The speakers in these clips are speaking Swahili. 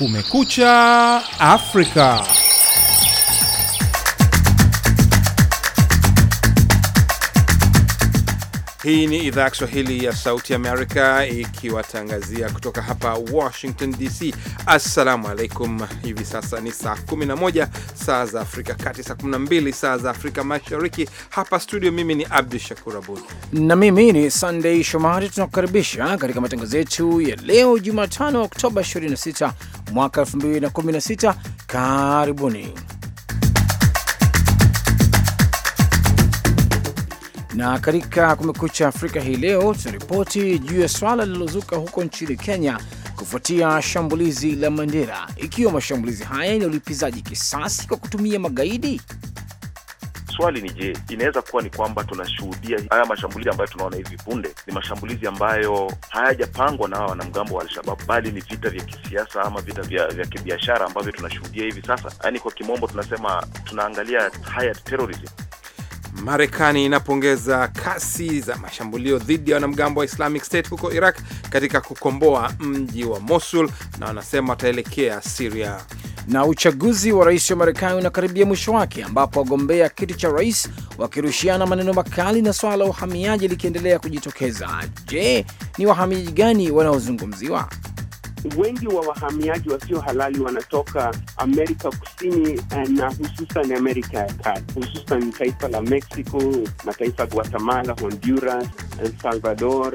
Kumekucha, África. Hii ni idhaa ya Kiswahili ya Sauti Amerika ikiwatangazia kutoka hapa Washington DC. Assalamu alaikum. Hivi sasa ni saa 11 saa za Afrika Kati, saa 12 saa za Afrika Mashariki. Hapa studio, mimi ni Abdu Shakur Abud na mimi ni Sandei Shomari. Tunakukaribisha katika matangazo yetu ya leo Jumatano, Oktoba 26 mwaka 2016. Karibuni. Na katika Kumekucha Afrika hii leo tunaripoti juu ya swala lililozuka huko nchini Kenya kufuatia shambulizi la Mandera, ikiwa mashambulizi haya ni ulipizaji kisasi kwa kutumia magaidi. Swali ni je, inaweza kuwa ni kwamba tunashuhudia haya mashambulizi ambayo tunaona hivi punde ni mashambulizi ambayo hayajapangwa na wanamgambo wa Alshababu, bali ni vita vya kisiasa ama vita vya, vya kibiashara ambavyo tunashuhudia hivi sasa, yaani kwa kimombo tunasema tunaangalia hired terrorism. Marekani inapongeza kasi za mashambulio dhidi ya wanamgambo wa Islamic State huko Iraq katika kukomboa mji wa Mosul na wanasema wataelekea Siria. Na uchaguzi wa rais wa Marekani unakaribia mwisho wake, ambapo wagombea kiti cha rais wakirushiana maneno makali na swala la uhamiaji likiendelea kujitokeza. Je, ni wahamiaji gani wanaozungumziwa? wengi wa wahamiaji wasio halali wanatoka Amerika Kusini eh, na hususan Amerika ya Kati, hususan taifa la Mexico, mataifa ya Guatemala, Honduras, El Salvador.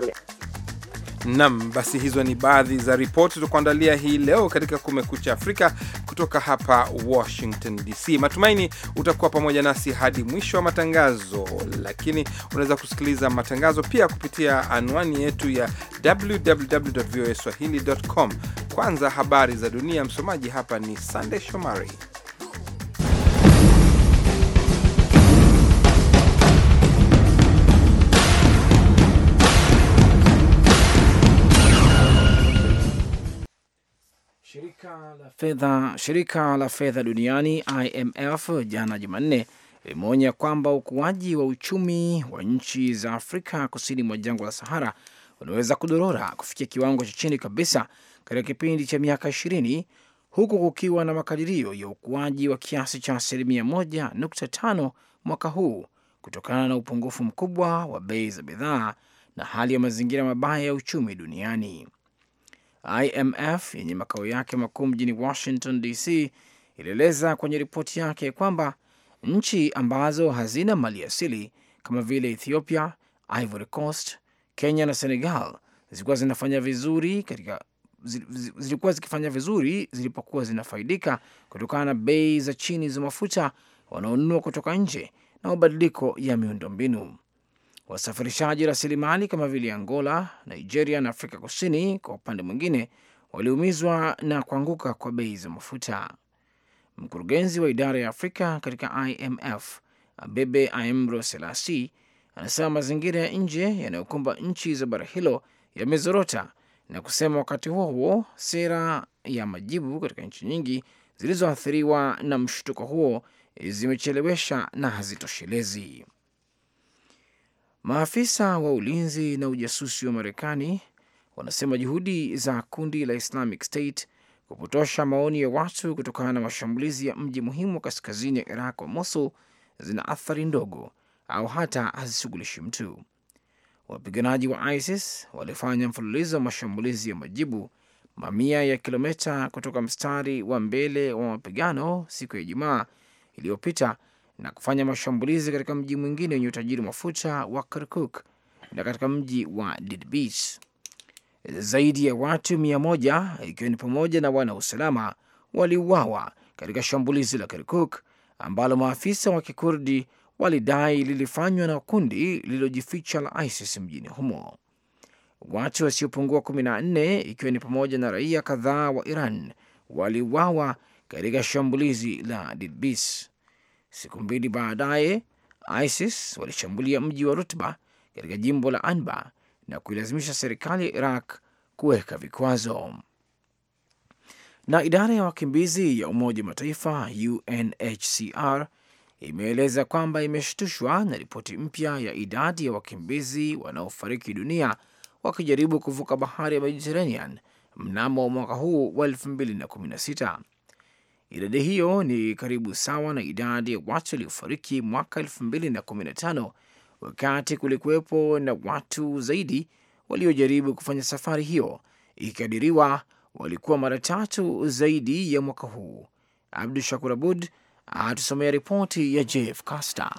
Nam, basi hizo ni baadhi za ripoti za kuandalia hii leo katika Kumekucha Afrika kutoka hapa Washington DC. Matumaini utakuwa pamoja nasi hadi mwisho wa matangazo, lakini unaweza kusikiliza matangazo pia kupitia anwani yetu ya www voa swahilicom Kwanza habari za dunia, msomaji hapa ni Sandey Shomari. fedha, shirika la fedha duniani IMF jana Jumanne limeonya kwamba ukuaji wa uchumi wa nchi za Afrika kusini mwa jangwa la Sahara unaweza kudorora kufikia kiwango cha chini kabisa katika kipindi cha miaka ishirini huku kukiwa na makadirio ya ukuaji wa kiasi cha asilimia moja nukta tano mwaka huu kutokana na upungufu mkubwa wa bei za bidhaa na hali ya mazingira mabaya ya uchumi duniani. IMF yenye makao yake makuu mjini Washington DC ilieleza kwenye ripoti yake kwamba nchi ambazo hazina mali asili kama vile Ethiopia, Ivory Coast, Kenya na Senegal zilikuwa zinafanya vizuri katika zilikuwa zikifanya vizuri zilipokuwa zinafaidika kutokana na bei za chini za mafuta wanaonunua kutoka nje na mabadiliko ya miundombinu. Wasafirishaji rasilimali kama vile Angola, Nigeria na Afrika Kusini kwa upande mwingine waliumizwa na kuanguka kwa bei za mafuta. Mkurugenzi wa idara ya Afrika katika IMF Abebe Aimro Selasi anasema mazingira ya nje yanayokumba nchi za bara hilo yamezorota, na kusema wakati huo huo sera ya majibu katika nchi nyingi zilizoathiriwa na mshtuko huo zimechelewesha na hazitoshelezi. Maafisa wa ulinzi na ujasusi wa Marekani wanasema juhudi za kundi la Islamic State kupotosha maoni ya watu kutokana na mashambulizi ya mji muhimu wa kaskazini ya Iraq wa Mosul zina athari ndogo au hata hazishughulishi mtu. Wapiganaji wa ISIS walifanya mfululizo wa mashambulizi ya majibu mamia ya kilomita kutoka mstari wa mbele wa mapigano siku ya Ijumaa iliyopita na kufanya mashambulizi katika mji mwingine wenye utajiri mafuta wa Kirkuk na katika mji wa Didbis. Zaidi ya watu mia moja ikiwa ni pamoja na wana usalama waliuawa katika shambulizi la Kirkuk ambalo maafisa wa kikurdi walidai lilifanywa na kundi lililojificha la ISIS mjini humo. Watu wasiopungua 14 ikiwa ni pamoja na raia kadhaa wa Iran waliuawa katika shambulizi la Didbis. Siku mbili baadaye, ISIS walishambulia mji wa Rutba katika jimbo la anba na kuilazimisha serikali ya Iraq kuweka vikwazo. Na idara ya wakimbizi ya Umoja wa Mataifa UNHCR imeeleza kwamba imeshtushwa na ripoti mpya ya idadi ya wakimbizi wanaofariki dunia wakijaribu kuvuka bahari ya Mediterranean mnamo mwaka huu wa 2016. Idadi hiyo ni karibu sawa na idadi ya watu waliofariki mwaka 2015 wakati kulikuwepo na watu zaidi waliojaribu kufanya safari hiyo, ikikadiriwa walikuwa mara tatu zaidi ya mwaka huu. Abdu Shakur Abud atusomea ripoti ya Jeff Caster.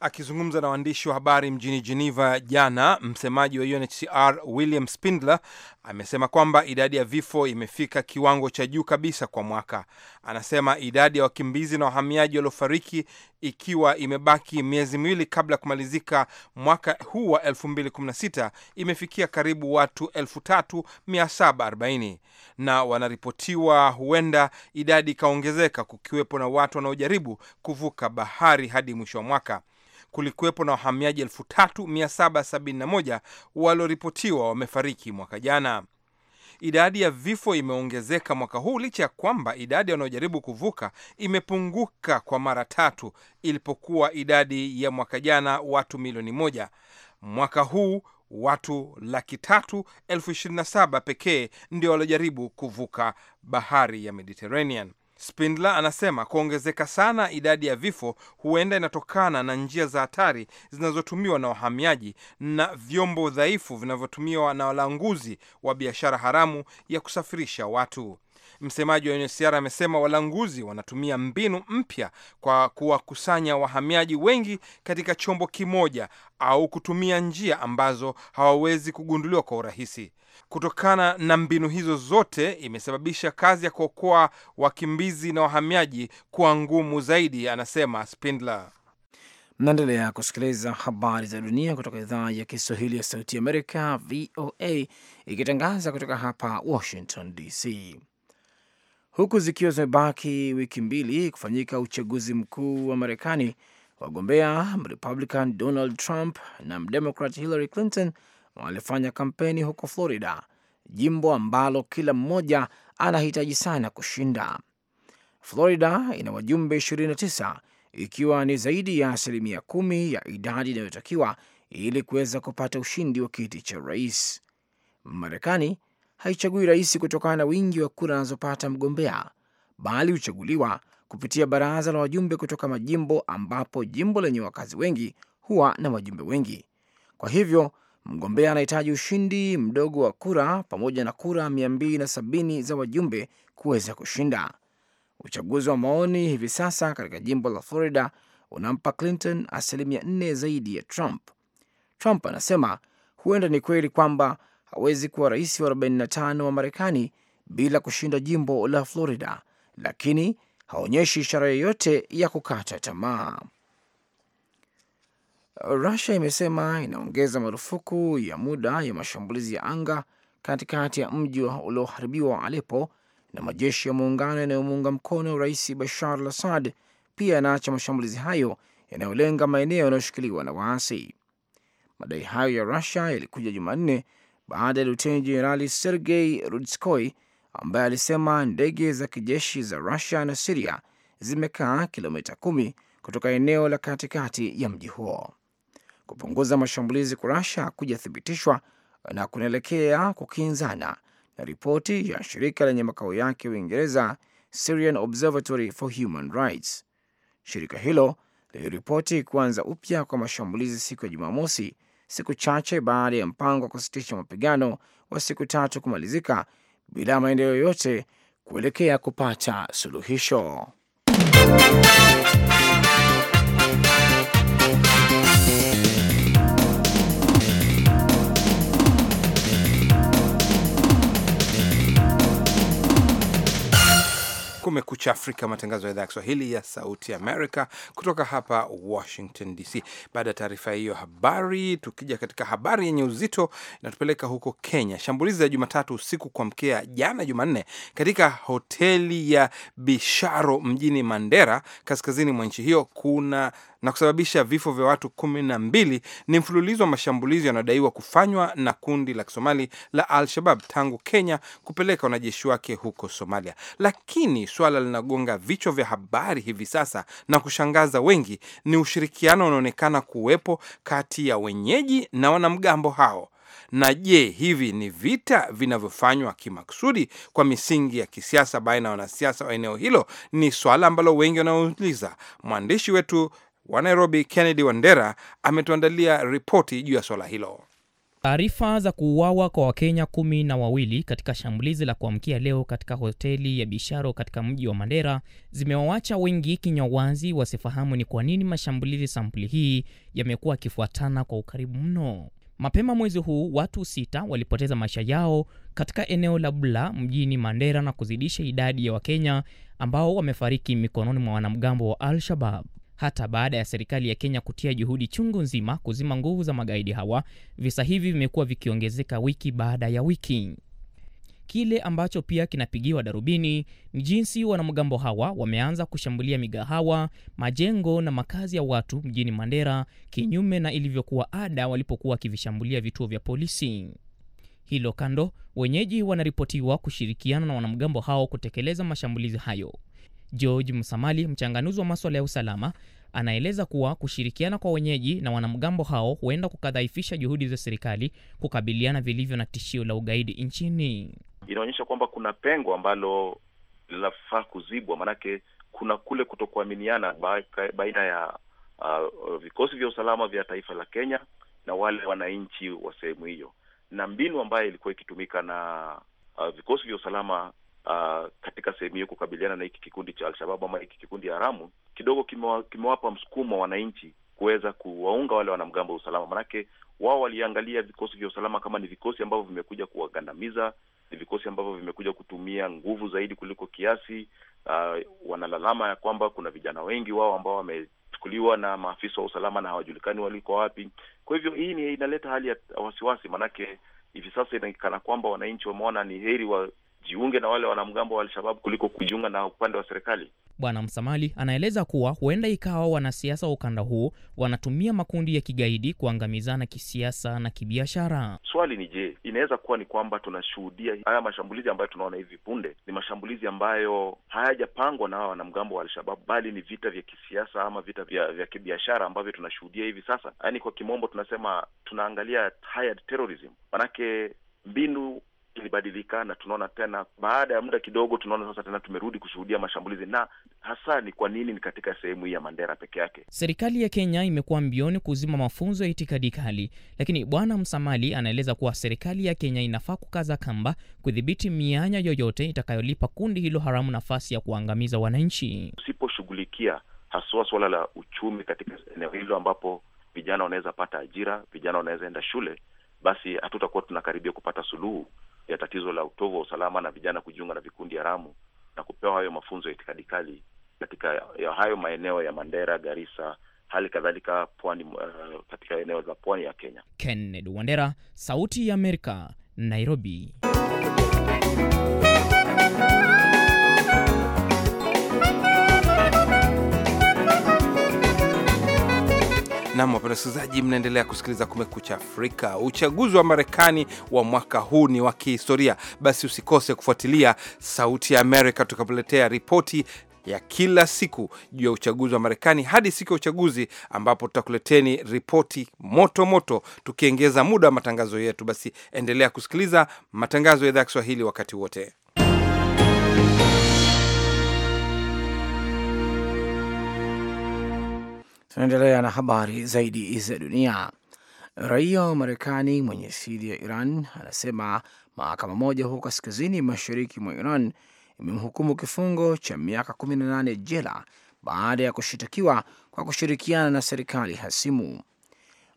Akizungumza na waandishi wa habari mjini Geneva jana, msemaji wa UNHCR William Spindler amesema kwamba idadi ya vifo imefika kiwango cha juu kabisa kwa mwaka. Anasema idadi ya wakimbizi na wahamiaji waliofariki ikiwa imebaki miezi miwili kabla ya kumalizika mwaka huu wa 2016 imefikia karibu watu 3740 na wanaripotiwa, huenda idadi ikaongezeka, kukiwepo na watu wanaojaribu kuvuka bahari hadi mwisho wa mwaka kulikuwepo na wahamiaji 3771 walioripotiwa wamefariki mwaka jana. Idadi ya vifo imeongezeka mwaka huu licha ya kwamba idadi wanaojaribu kuvuka imepunguka kwa mara tatu ilipokuwa idadi ya mwaka jana watu milioni moja. Mwaka huu watu laki tatu elfu ishirini na saba pekee ndio waliojaribu kuvuka bahari ya Mediterranean. Spindler anasema kuongezeka sana idadi ya vifo huenda inatokana na njia za hatari zinazotumiwa na wahamiaji na vyombo dhaifu vinavyotumiwa na walanguzi wa biashara haramu ya kusafirisha watu. Msemaji wa UNHCR amesema walanguzi wanatumia mbinu mpya kwa kuwakusanya wahamiaji wengi katika chombo kimoja au kutumia njia ambazo hawawezi kugunduliwa kwa urahisi. Kutokana na mbinu hizo zote, imesababisha kazi ya kuokoa wakimbizi na wahamiaji kuwa ngumu zaidi, anasema Spindler. Mnaendelea kusikiliza habari za dunia kutoka idhaa ya Kiswahili ya Sauti Amerika, VOA, ikitangaza kutoka hapa Washington DC huku zikiwa zimebaki wiki mbili kufanyika uchaguzi mkuu wa Marekani. Wagombea Mrepublican Donald Trump na Mdemokrat Hillary Clinton walifanya kampeni huko Florida, jimbo ambalo kila mmoja anahitaji sana kushinda. Florida ina wajumbe 29 ikiwa ni zaidi ya asilimia kumi ya idadi inayotakiwa ili kuweza kupata ushindi wa kiti cha rais. Marekani haichagui rais kutokana na wingi wa kura anazopata mgombea, bali huchaguliwa kupitia baraza la wajumbe kutoka majimbo, ambapo jimbo lenye wakazi wengi huwa na wajumbe wengi. Kwa hivyo mgombea anahitaji ushindi mdogo wa kura pamoja na kura 270 za wajumbe kuweza kushinda. Uchaguzi wa maoni hivi sasa katika jimbo la Florida unampa Clinton asilimia 4 zaidi ya Trump. Trump anasema huenda ni kweli kwamba hawezi kuwa rais wa 45 wa Marekani bila kushinda jimbo la Florida, lakini haonyeshi ishara yoyote ya kukata tamaa. Rusia imesema inaongeza marufuku ya muda ya mashambulizi ya anga katikati ya mji ulioharibiwa wa Alepo, na majeshi ya muungano yanayomuunga mkono rais Bashar al Assad pia yanaacha mashambulizi hayo yanayolenga maeneo yanayoshikiliwa na waasi. Madai hayo ya Rusia yalikuja Jumanne baada ya luteni jenerali Sergei Rudskoy ambaye alisema ndege za kijeshi za Rusia na Siria zimekaa kilomita kumi kutoka eneo la katikati ya mji huo. Kupunguza mashambulizi kwa Rusia kujathibitishwa na kunaelekea kukinzana na ripoti ya shirika lenye makao yake Uingereza, Syrian Observatory for Human Rights. Shirika hilo liliripoti kuanza upya kwa mashambulizi siku ya Jumamosi siku chache baada ya mpango wa kusitisha mapigano wa siku tatu kumalizika bila maendeleo yoyote kuelekea kupata suluhisho. Kumekucha Afrika, matangazo ya idhaa ya Kiswahili ya Sauti Amerika kutoka hapa Washington DC. Baada ya taarifa hiyo habari, tukija katika habari yenye uzito inatupeleka huko Kenya. Shambulizi ya Jumatatu usiku kuamkia jana Jumanne katika hoteli ya Bisharo mjini Mandera, kaskazini mwa nchi hiyo, kuna na kusababisha vifo vya watu kumi na mbili ni mfululizo wa mashambulizi yanayodaiwa kufanywa na kundi la Kisomali la Al-Shabab tangu Kenya kupeleka wanajeshi wake huko Somalia. Lakini suala linagonga vichwa vya habari hivi sasa na kushangaza wengi ni ushirikiano unaonekana kuwepo kati ya wenyeji na wanamgambo hao. Na je, hivi ni vita vinavyofanywa kimakusudi kwa misingi ya kisiasa baina ya wanasiasa wa eneo hilo? Ni swala ambalo wengi wanaouliza. Mwandishi wetu wa Nairobi Kennedy Wandera ametuandalia ripoti juu ya swala hilo. Taarifa za kuuawa kwa Wakenya kumi na wawili katika shambulizi la kuamkia leo katika hoteli ya Bisharo katika mji wa Mandera zimewawacha wengi kinywa wazi, wasifahamu ni kwa nini mashambulizi sampuli hii yamekuwa yakifuatana kwa ukaribu mno. Mapema mwezi huu watu sita walipoteza maisha yao katika eneo la Bula mjini Mandera na kuzidisha idadi ya Wakenya ambao wamefariki mikononi mwa wanamgambo wa Al-Shabab hata baada ya serikali ya Kenya kutia juhudi chungu nzima kuzima nguvu za magaidi hawa, visa hivi vimekuwa vikiongezeka wiki baada ya wiki. Kile ambacho pia kinapigiwa darubini ni jinsi wanamgambo hawa wameanza kushambulia migahawa, majengo na makazi ya watu mjini Mandera, kinyume na ilivyokuwa ada walipokuwa wakivishambulia vituo vya polisi. Hilo kando, wenyeji wanaripotiwa kushirikiana na wanamgambo hao kutekeleza mashambulizi hayo. George Msamali, mchanganuzi wa maswala ya usalama, anaeleza kuwa kushirikiana kwa wenyeji na wanamgambo hao huenda kukadhaifisha juhudi za serikali kukabiliana vilivyo na tishio la ugaidi nchini. Inaonyesha kwamba kuna pengo ambalo linafaa kuzibwa, maanake kuna kule kutokuaminiana baina ya uh, vikosi vya usalama vya taifa la Kenya na wale wananchi wa sehemu hiyo, na mbinu ambayo ilikuwa ikitumika na uh, vikosi vya usalama uh, katika sehemu hiyo kukabiliana na hiki kikundi cha Alshababu ama hiki kikundi haramu kidogo kimewapa msukumo wananchi kuweza kuwaunga wale wanamgambo wa usalama, manake wao waliangalia vikosi vya usalama kama ni vikosi ambavyo vimekuja kuwagandamiza, ni vikosi ambavyo vimekuja kutumia nguvu zaidi kuliko kiasi. Uh, wanalalama ya kwamba kuna vijana wengi wao ambao wamechukuliwa na maafisa wa usalama na hawajulikani waliko wapi. Kwa hivyo hii ni inaleta hali ya wasiwasi, manake hivi sasa inaonekana kwamba wananchi wameona ni heri wa jiunge na wale wanamgambo wa alshababu kuliko kujiunga na upande wa serikali. Bwana Msamali anaeleza kuwa huenda ikawa wanasiasa wa ukanda huu wanatumia makundi ya kigaidi kuangamizana kisiasa na kibiashara. Swali ni je, inaweza kuwa ni kwamba tunashuhudia haya mashambulizi ambayo tunaona hivi punde ni mashambulizi ambayo hayajapangwa na hawa wanamgambo wa Alshababu, bali ni vita vya kisiasa ama vita vya, vya kibiashara ambavyo tunashuhudia hivi sasa. Yaani kwa kimombo tunasema tunaangalia terrorism, manake mbinu ilibadilika na tunaona tena, baada ya muda kidogo, tunaona sasa tena tumerudi kushuhudia mashambulizi, na hasa ni kwa nini ni katika sehemu hii ya Mandera peke yake. Serikali ya Kenya imekuwa mbioni kuzima mafunzo ya itikadi kali, lakini Bwana Msamali anaeleza kuwa serikali ya Kenya inafaa kukaza kamba kudhibiti mianya yoyote itakayolipa kundi hilo haramu nafasi ya kuangamiza wananchi. Usiposhughulikia haswa suala la uchumi katika eneo hilo ambapo vijana wanaweza pata ajira, vijana wanaweza enda shule, basi hatutakuwa tunakaribia kupata suluhu ya tatizo la utovu wa usalama na vijana kujiunga na vikundi haramu na kupewa hayo mafunzo ya itikadi kali katika ya hayo maeneo ya Mandera, garisa hali kadhalika pwani, uh, katika eneo za pwani ya Kenya. kenned Wandera, Sauti ya Amerika, Nairobi. Nam, wapenda wasikilizaji, mnaendelea kusikiliza Kumekucha Afrika. Uchaguzi wa Marekani wa mwaka huu ni wa kihistoria, basi usikose kufuatilia Sauti ya Amerika tukakuletea ripoti ya kila siku juu ya uchaguzi wa Marekani hadi siku ya uchaguzi, ambapo tutakuleteni ripoti moto moto, tukiongeza muda wa matangazo yetu. Basi endelea kusikiliza matangazo ya idhaa ya Kiswahili wakati wote. Tunaendelea na habari zaidi za dunia. Raia wa Marekani mwenye asili ya Iran anasema mahakama moja huko kaskazini mashariki mwa Iran imemhukumu kifungo cha miaka 18 jela baada ya kushitakiwa kwa kushirikiana na serikali hasimu.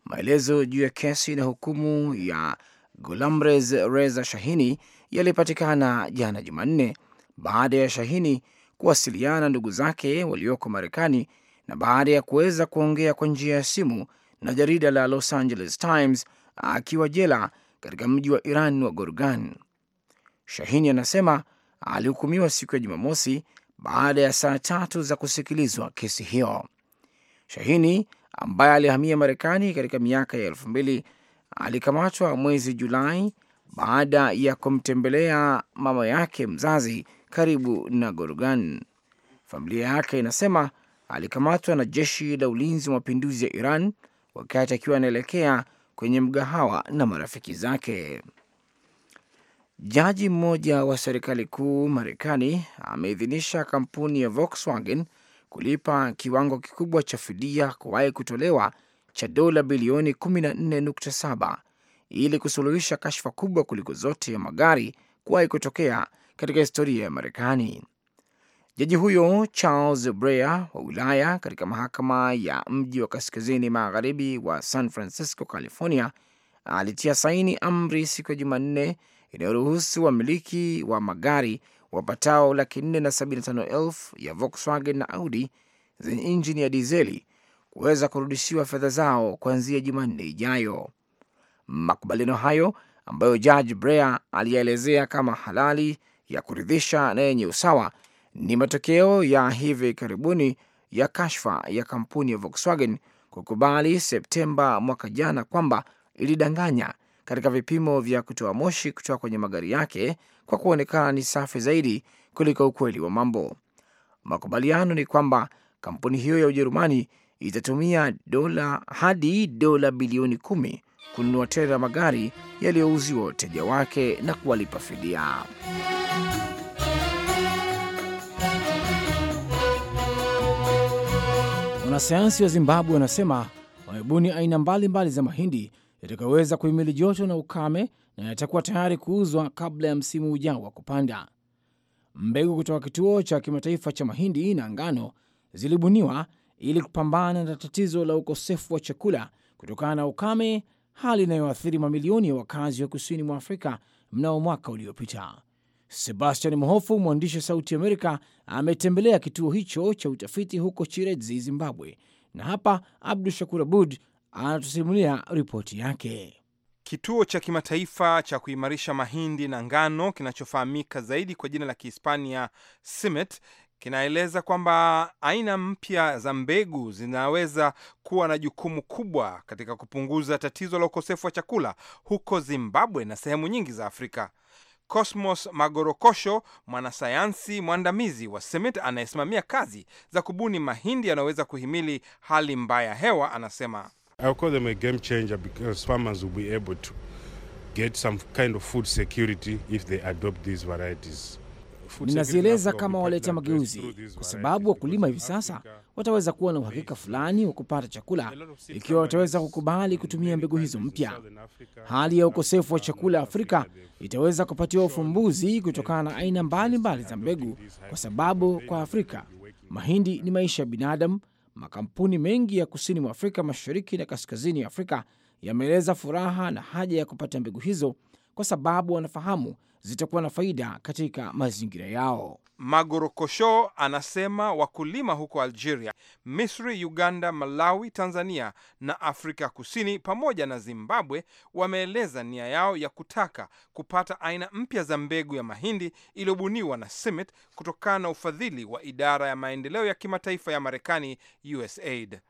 Maelezo juu ya kesi na hukumu ya Gulamrez Reza Shahini yalipatikana jana Jumanne baada ya Shahini kuwasiliana ndugu zake walioko Marekani na baada ya kuweza kuongea kwa njia ya simu na jarida la Los Angeles Times akiwa jela katika mji wa Iran wa Gorgan. Shahini anasema alihukumiwa siku ya Jumamosi baada ya saa tatu za kusikilizwa kesi hiyo. Shahini ambaye alihamia Marekani katika miaka ya elfu mbili alikamatwa mwezi Julai baada ya kumtembelea mama yake mzazi karibu na Gorgan. Familia yake inasema alikamatwa na jeshi la ulinzi wa mapinduzi ya Iran wakati akiwa anaelekea kwenye mgahawa na marafiki zake. Jaji mmoja wa serikali kuu Marekani ameidhinisha kampuni ya Volkswagen kulipa kiwango kikubwa cha fidia kuwahi kutolewa cha dola bilioni 14.7 ili kusuluhisha kashfa kubwa kuliko zote ya magari kuwahi kutokea katika historia ya Marekani. Jaji huyo Charles Breyer wa wilaya katika mahakama ya mji wa kaskazini magharibi wa San Francisco, California, alitia saini amri siku ya Jumanne inayoruhusu wamiliki wa magari wapatao laki nne na sabini na tano elfu ya Volkswagen na Audi zenye injini ya dizeli kuweza kurudishiwa fedha zao kuanzia Jumanne ijayo. Makubaliano hayo ambayo Judge Breyer aliyaelezea kama halali, ya kuridhisha na yenye usawa ni matokeo ya hivi karibuni ya kashfa ya kampuni ya Volkswagen kukubali Septemba mwaka jana kwamba ilidanganya katika vipimo vya kutoa moshi kutoka kwenye magari yake kwa kuonekana ni safi zaidi kuliko ukweli wa mambo. Makubaliano ni kwamba kampuni hiyo ya Ujerumani itatumia dola hadi dola bilioni kumi kununua tena magari yaliyouziwa wateja wake na kuwalipa fidia. Wanasayansi wa Zimbabwe wanasema wamebuni aina mbalimbali mbali za mahindi yatakayoweza kuhimili joto na ukame na yatakuwa tayari kuuzwa kabla ya msimu ujao wa kupanda. Mbegu kutoka kituo cha kimataifa cha mahindi na ngano zilibuniwa ili kupambana na tatizo la ukosefu wa chakula kutokana na ukame, hali inayoathiri mamilioni ya wakazi wa kusini mwa Afrika mnao mwaka uliopita. Sebastian Mhofu, mwandishi wa Sauti Amerika ametembelea kituo hicho cha utafiti huko Chirezi, Zimbabwe, na hapa Abdu Shakur Abud anatusimulia ripoti yake. Kituo cha kimataifa cha kuimarisha mahindi na ngano kinachofahamika zaidi kwa jina la Kihispania CIMET kinaeleza kwamba aina mpya za mbegu zinaweza kuwa na jukumu kubwa katika kupunguza tatizo la ukosefu wa chakula huko Zimbabwe na sehemu nyingi za Afrika. Cosmos Magorokosho, mwanasayansi mwandamizi wa semit anayesimamia kazi za kubuni mahindi yanayoweza kuhimili hali mbaya ya hewa, anasema ninazieleza kama waleta mageuzi, kwa sababu wakulima hivi sasa wataweza kuwa na uhakika fulani wa kupata chakula ikiwa wataweza kukubali kutumia mbegu hizo mpya. Hali ya ukosefu wa chakula Afrika itaweza kupatiwa ufumbuzi kutokana na aina mbalimbali za mbegu, kwa sababu kwa Afrika mahindi ni maisha ya binadamu. Makampuni mengi ya kusini mwa Afrika Mashariki na kaskazini ya Afrika yameeleza furaha na haja ya kupata mbegu hizo, kwa sababu wanafahamu zitakuwa na faida katika mazingira yao. Magorokosho anasema wakulima huko Algeria, Misri, Uganda, Malawi, Tanzania na Afrika Kusini pamoja na Zimbabwe wameeleza nia yao ya kutaka kupata aina mpya za mbegu ya mahindi iliyobuniwa na Simit kutokana na ufadhili wa idara ya maendeleo ya kimataifa ya Marekani, USAID.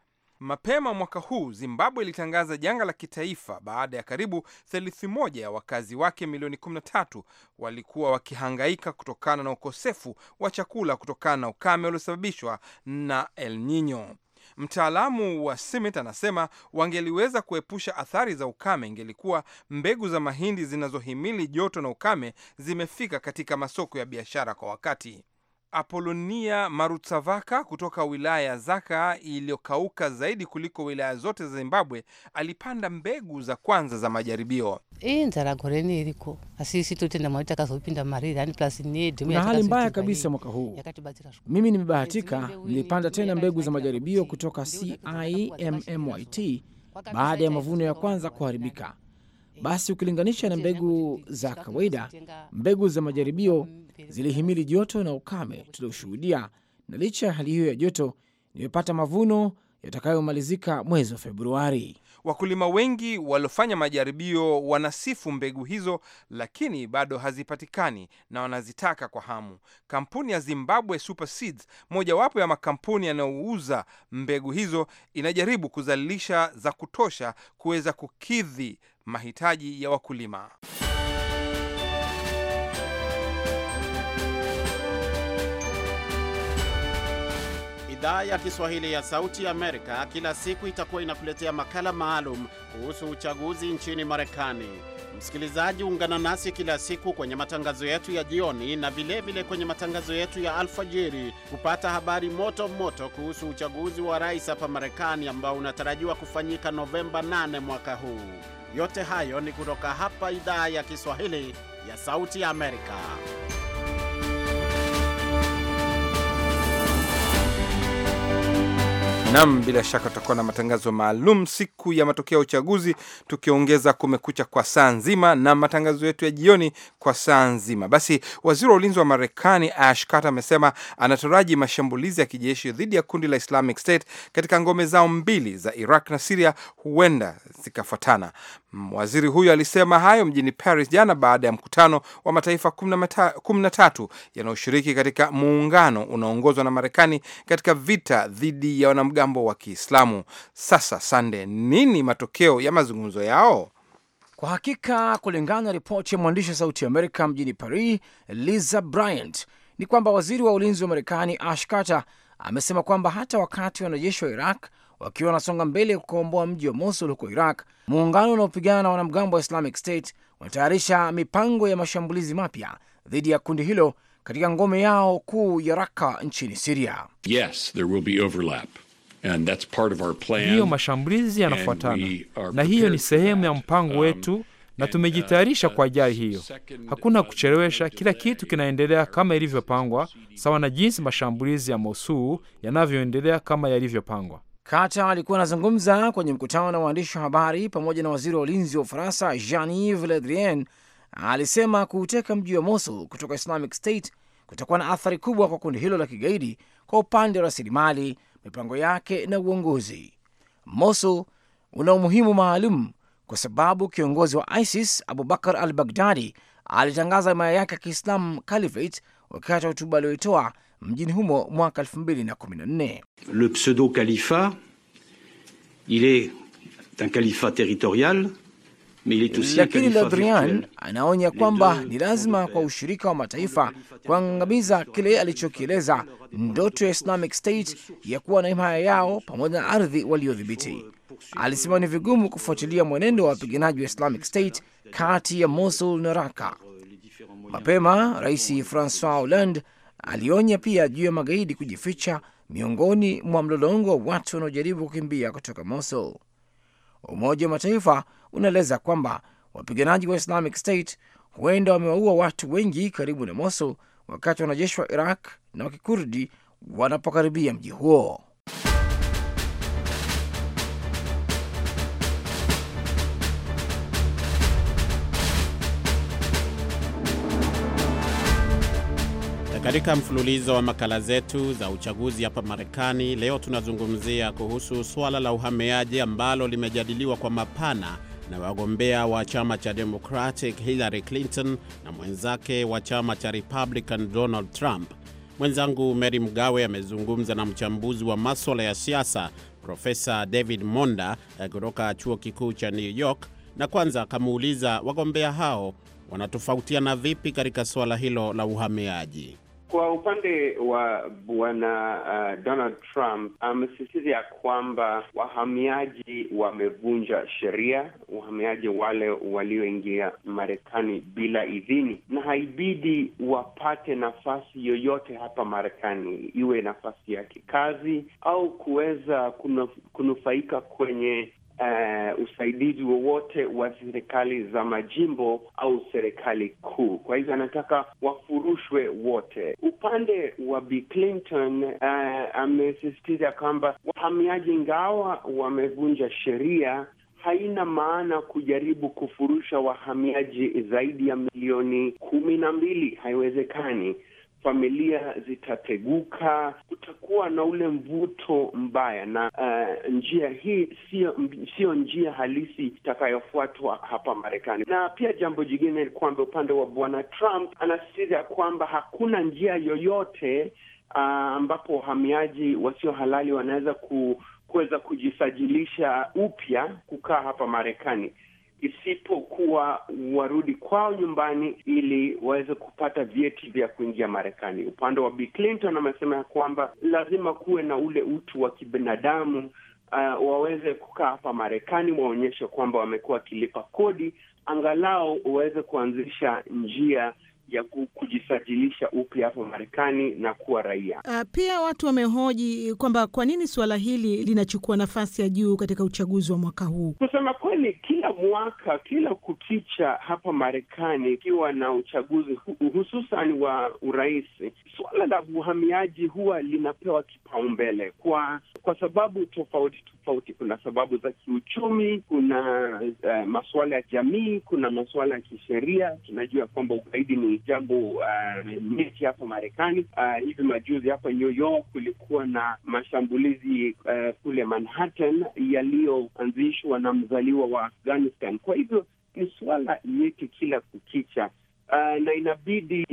Mapema mwaka huu Zimbabwe ilitangaza janga la kitaifa baada ya karibu theluthi moja ya wakazi wake milioni 13 walikuwa wakihangaika kutokana na ukosefu wa chakula kutokana na ukame uliosababishwa na El Nino. Mtaalamu wa Simit anasema wangeliweza kuepusha athari za ukame ingelikuwa mbegu za mahindi zinazohimili joto na ukame zimefika katika masoko ya biashara kwa wakati. Apolonia Marutsavaka kutoka wilaya ya Zaka iliyokauka zaidi kuliko wilaya zote za Zimbabwe alipanda mbegu za kwanza za majaribio. Kuna hali mbaya kabisa mwaka huu. Mimi nimebahatika, nilipanda tena mbegu za majaribio kutoka CIMMYT baada ya mavuno ya kwanza kuharibika. Basi ukilinganisha na mbegu za kawaida, mbegu za majaribio zilihimili joto na ukame tulioshuhudia, na licha ya hali hiyo ya joto, nimepata mavuno yatakayomalizika mwezi wa Februari. Wakulima wengi waliofanya majaribio wanasifu mbegu hizo, lakini bado hazipatikani na wanazitaka kwa hamu. Kampuni ya Zimbabwe Super Seeds, mojawapo ya makampuni yanayouza mbegu hizo, inajaribu kuzalisha za kutosha kuweza kukidhi mahitaji ya wakulima. Idhaa ya Kiswahili ya Sauti Amerika kila siku itakuwa inakuletea makala maalum kuhusu uchaguzi nchini Marekani. Msikilizaji, ungana nasi kila siku kwenye matangazo yetu ya jioni na vilevile vile kwenye matangazo yetu ya alfajiri kupata habari moto moto kuhusu uchaguzi wa rais hapa Marekani ambao unatarajiwa kufanyika Novemba 8 mwaka huu. Yote hayo ni kutoka hapa Idhaa ya Kiswahili ya Sauti Amerika. Nam, bila shaka tutakuwa na matangazo maalum siku ya matokeo ya uchaguzi, tukiongeza kumekucha kwa saa nzima na matangazo yetu ya jioni kwa saa nzima. Basi, waziri wa ulinzi wa Marekani Ash Carter amesema anataraji mashambulizi ya kijeshi dhidi ya kundi la Islamic State katika ngome zao mbili za Iraq na Siria huenda zikafuatana. Mm, waziri huyo alisema hayo mjini Paris jana baada ya mkutano wa mataifa kumi na tatu yanayoshiriki katika muungano unaoongozwa na Marekani katika vita dhidi ya wanamgambo wa Kiislamu. Sasa Sande, nini matokeo ya mazungumzo yao? Kwa hakika, kulingana na ripoti ya mwandishi wa Sauti ya Amerika mjini Paris, Lisa Bryant, ni kwamba waziri wa ulinzi wa Marekani Ash Carter amesema kwamba hata wakati wanajeshi wa Iraq wakiwa wanasonga mbele kukomboa mji wa Mosul huko Iraq, Muungano unaopigana na wanamgambo wa Islamic State unatayarisha mipango ya mashambulizi mapya dhidi ya kundi hilo katika ngome yao kuu ya Raka nchini Siria. Yes, there will be overlap. And that's part of our plan. Hiyo mashambulizi yanafuatana na hiyo ni sehemu ya mpango um, wetu, na tumejitayarisha uh, kwa ajali hiyo. Uh, Hakuna kuchelewesha, kila kitu kinaendelea kama ilivyopangwa, sawa na jinsi mashambulizi ya Mosul yanavyoendelea kama yalivyopangwa kata alikuwa anazungumza kwenye mkutano na waandishi wa habari pamoja na waziri wa ulinzi wa Ufaransa Jean-Yves Le Drian. Alisema kuuteka mji wa Mosul kutoka Islamic State kutakuwa na athari kubwa kwa kundi hilo la kigaidi kwa upande wa rasilimali, mipango yake na uongozi. Mosul una umuhimu maalum kwa sababu kiongozi wa ISIS Abubakar al Baghdadi alitangaza himaya yake ya Kiislamu Caliphate wakati wa hotuba aliyoitoa mjini humo mwaka 2014. Le pseudo khalifa il est un califat territorial lakini Lodrian anaonya kwamba ni lazima kwa ushirika wa mataifa kuangamiza kile alichokieleza ndoto ya Islamic State ya kuwa na himaya yao pamoja na ardhi waliodhibiti. Alisema ni vigumu kufuatilia mwenendo wa wapiganaji wa Islamic State kati ya Mosul na Raka. Mapema Rais Francois Hollande Alionya pia juu ya magaidi kujificha miongoni mwa mlolongo wa watu wanaojaribu kukimbia kutoka Mosul. Umoja wa Mataifa unaeleza kwamba wapiganaji wa Islamic State huenda wamewaua watu wengi karibu na Mosul wakati wanajeshi wa Iraq na wa Kikurdi wanapokaribia mji huo. Katika mfululizo wa makala zetu za uchaguzi hapa Marekani, leo tunazungumzia kuhusu suala la uhamiaji ambalo limejadiliwa kwa mapana na wagombea wa chama cha Democratic Hillary Clinton na mwenzake wa chama cha Republican Donald Trump. Mwenzangu Mary Mgawe amezungumza na mchambuzi wa maswala ya siasa Profesa David Monda eh, kutoka chuo kikuu cha New York, na kwanza akamuuliza wagombea hao wanatofautiana vipi katika suala hilo la uhamiaji. Kwa upande wa bwana uh, Donald Trump amesisitiza ya kwamba wahamiaji wamevunja sheria, wahamiaji wale walioingia Marekani bila idhini, na haibidi wapate nafasi yoyote hapa Marekani, iwe nafasi ya kikazi au kuweza kunufaika kwenye uh, usaidizi wowote wa serikali za majimbo au serikali kuu. Kwa hivyo anataka wafurushwe wote. Upande wa B Clinton uh, amesisitiza kwamba wahamiaji, ingawa wamevunja sheria haina maana kujaribu kufurusha wahamiaji zaidi ya milioni kumi na mbili, haiwezekani familia zitateguka, kutakuwa na ule mvuto mbaya, na uh, njia hii siyo, sio njia halisi itakayofuatwa hapa Marekani. Na pia jambo jingine ni kwamba upande wa bwana Trump anasisitiza kwamba hakuna njia yoyote ah, ambapo wahamiaji wasio halali wanaweza ku, kuweza kujisajilisha upya kukaa hapa Marekani isipokuwa warudi kwao nyumbani ili waweze kupata vyeti vya kuingia Marekani. Upande wa Bi Clinton amesema ya kwamba lazima kuwe na ule utu wa kibinadamu. Uh, waweze kukaa hapa Marekani, waonyeshe kwamba wamekuwa wakilipa kodi, angalau waweze kuanzisha njia ya kujisajilisha upya hapo Marekani na kuwa raia. Uh, pia watu wamehoji kwamba kwa nini suala hili linachukua nafasi ya juu katika uchaguzi wa mwaka huu. Kusema kweli, kila mwaka, kila kukicha hapa Marekani ikiwa na uchaguzi hususan wa urais, suala la uhamiaji huwa linapewa kipaumbele kwa kwa sababu tofauti tofauti. Kuna sababu za kiuchumi, kuna uh, masuala ya jamii, kuna masuala ya kisheria. Tunajua kwamba ugaidi ni jambo uh, mechi hapo Marekani. Uh, hivi majuzi hapa New York kulikuwa na mashambulizi uh, kule Manhattan yaliyoanzishwa na mzaliwa wa Afghanistan. Kwa hivyo ni suala nyeti kila kukicha, uh, na inabidi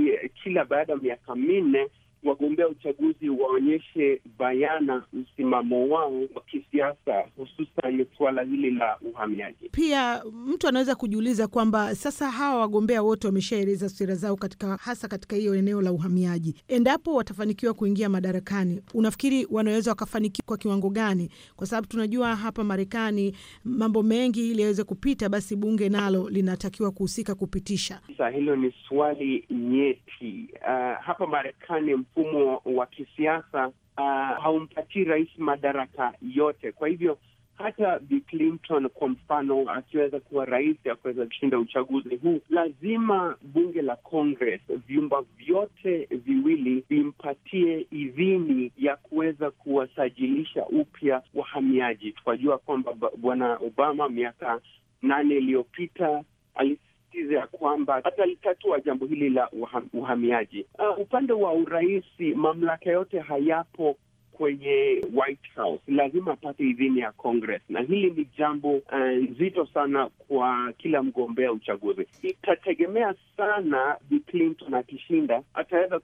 kila baada ya miaka minne wagombea uchaguzi waonyeshe bayana msimamo wao wa kisiasa, hususan suala hili la uhamiaji. Pia mtu anaweza kujiuliza kwamba sasa hawa wagombea wote wameshaeleza sera zao katika, hasa katika hiyo eneo la uhamiaji. Endapo watafanikiwa kuingia madarakani, unafikiri wanaweza wakafanikiwa kwa kiwango gani? Kwa sababu tunajua hapa Marekani mambo mengi, ili yaweze kupita, basi bunge nalo linatakiwa kuhusika kupitisha. Sasa hilo ni swali nyeti. Uh, hapa Marekani mfumo wa kisiasa uh, haumpatii rais madaraka yote. Kwa hivyo hata Bi Clinton kwa mfano akiweza kuwa rais, akuweza kushinda uchaguzi huu, lazima bunge la Congress, vyumba vyote viwili vimpatie idhini ya kuweza kuwasajilisha upya wahamiaji. tukajua kwamba bwana Obama miaka nane iliyopita alis sisitiza ya kwamba atalitatua jambo hili la uhamiaji. Uh, upande wa urais mamlaka yote hayapo kwenye White House, lazima apate idhini ya Congress, na hili ni jambo eh, nzito uh, sana kwa kila mgombea uchaguzi. Itategemea sana Bi Clinton akishinda, ataweza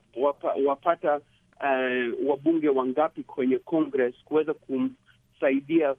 wapata uh, wabunge wangapi kwenye Congress kuweza kum saidia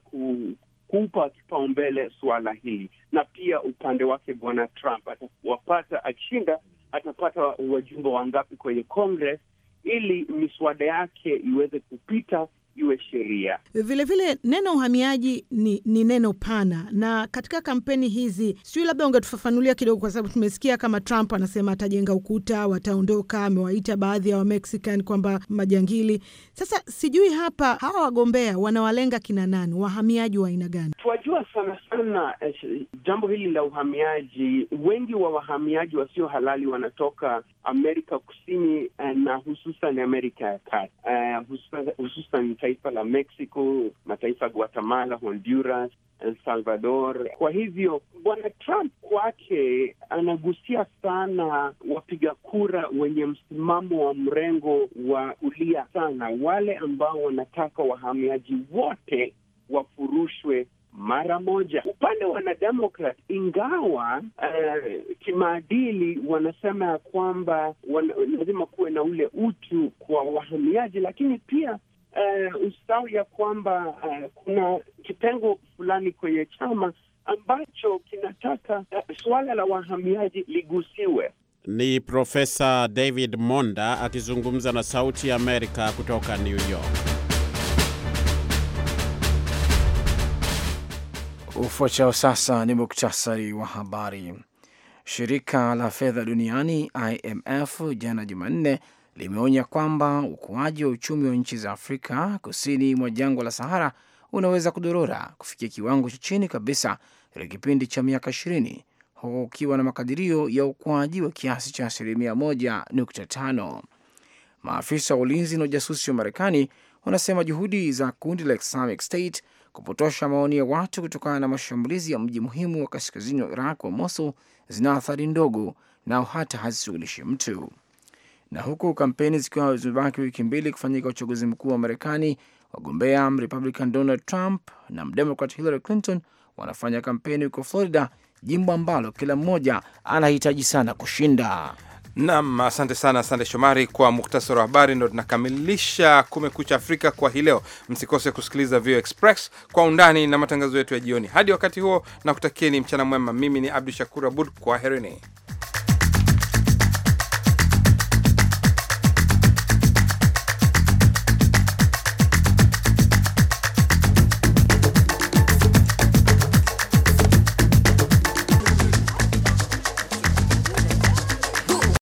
kupa kipaumbele suala hili, na pia upande wake bwana Trump atawapata, akishinda atapata wajumbe wangapi kwenye Congress ili miswada yake iweze kupita iwe sheria. Vilevile neno uhamiaji ni, ni neno pana, na katika kampeni hizi sijui, labda ungetufafanulia kidogo, kwa sababu tumesikia kama Trump anasema atajenga ukuta, wataondoka. Amewaita baadhi ya Wamexican kwamba majangili. Sasa sijui hapa hawa wagombea wanawalenga kina nani, wahamiaji wa aina gani? Tuwajua sana sana eh, jambo hili la uhamiaji. Wengi wa wahamiaji wasio halali wanatoka Amerika Kusini eh, na hususan Amerika ya Kati, eh, hususan, hususan taifa la Mexico, mataifa ya Guatemala, Honduras, El Salvador. Kwa hivyo bwana Trump kwake anagusia sana wapiga kura wenye msimamo wa mrengo wa kulia sana, wale ambao wanataka wahamiaji wote wafurushwe mara moja. Upande wa wanademokrat, ingawa uh, kimaadili wanasema ya kwamba lazima kuwe na ule utu kwa wahamiaji, lakini pia uh, eh, usitawi ya kwamba uh, kuna kitengo fulani kwenye chama ambacho kinataka uh, suala la wahamiaji ligusiwe. Ni Profesa David Monda akizungumza na Sauti ya Amerika kutoka New York. Ufuatao sasa ni muktasari wa habari. Shirika la fedha duniani IMF jana Jumanne limeonya kwamba ukuaji wa uchumi wa nchi za Afrika kusini mwa jangwa la Sahara unaweza kudorora kufikia kiwango cha chini kabisa katika kipindi cha miaka ishirini huku ukiwa na makadirio ya ukuaji wa kiasi cha asilimia moja nukta tano. Maafisa wa ulinzi na ujasusi wa Marekani wanasema juhudi za kundi la Islamic State kupotosha maoni ya watu kutokana na mashambulizi ya mji muhimu wa kaskazini wa Iraq wa Mosul zina athari ndogo, nao hata hazishughulishi mtu. Na huku kampeni zikiwa zimebaki wiki mbili kufanyika uchaguzi mkuu wa Marekani, wagombea Mrepublican Donald Trump na Mdemokrat Hillary Clinton wanafanya kampeni huko Florida, jimbo ambalo kila mmoja anahitaji sana kushinda. Nam, asante sana, asante Shomari kwa muktasari wa habari. Ndo tunakamilisha Kumekucha Afrika kwa hii leo. Msikose kusikiliza VOA Express kwa undani na matangazo yetu ya jioni. Hadi wakati huo, na kutakieni mchana mwema. Mimi ni Abdu Shakur Abud, kwaherini.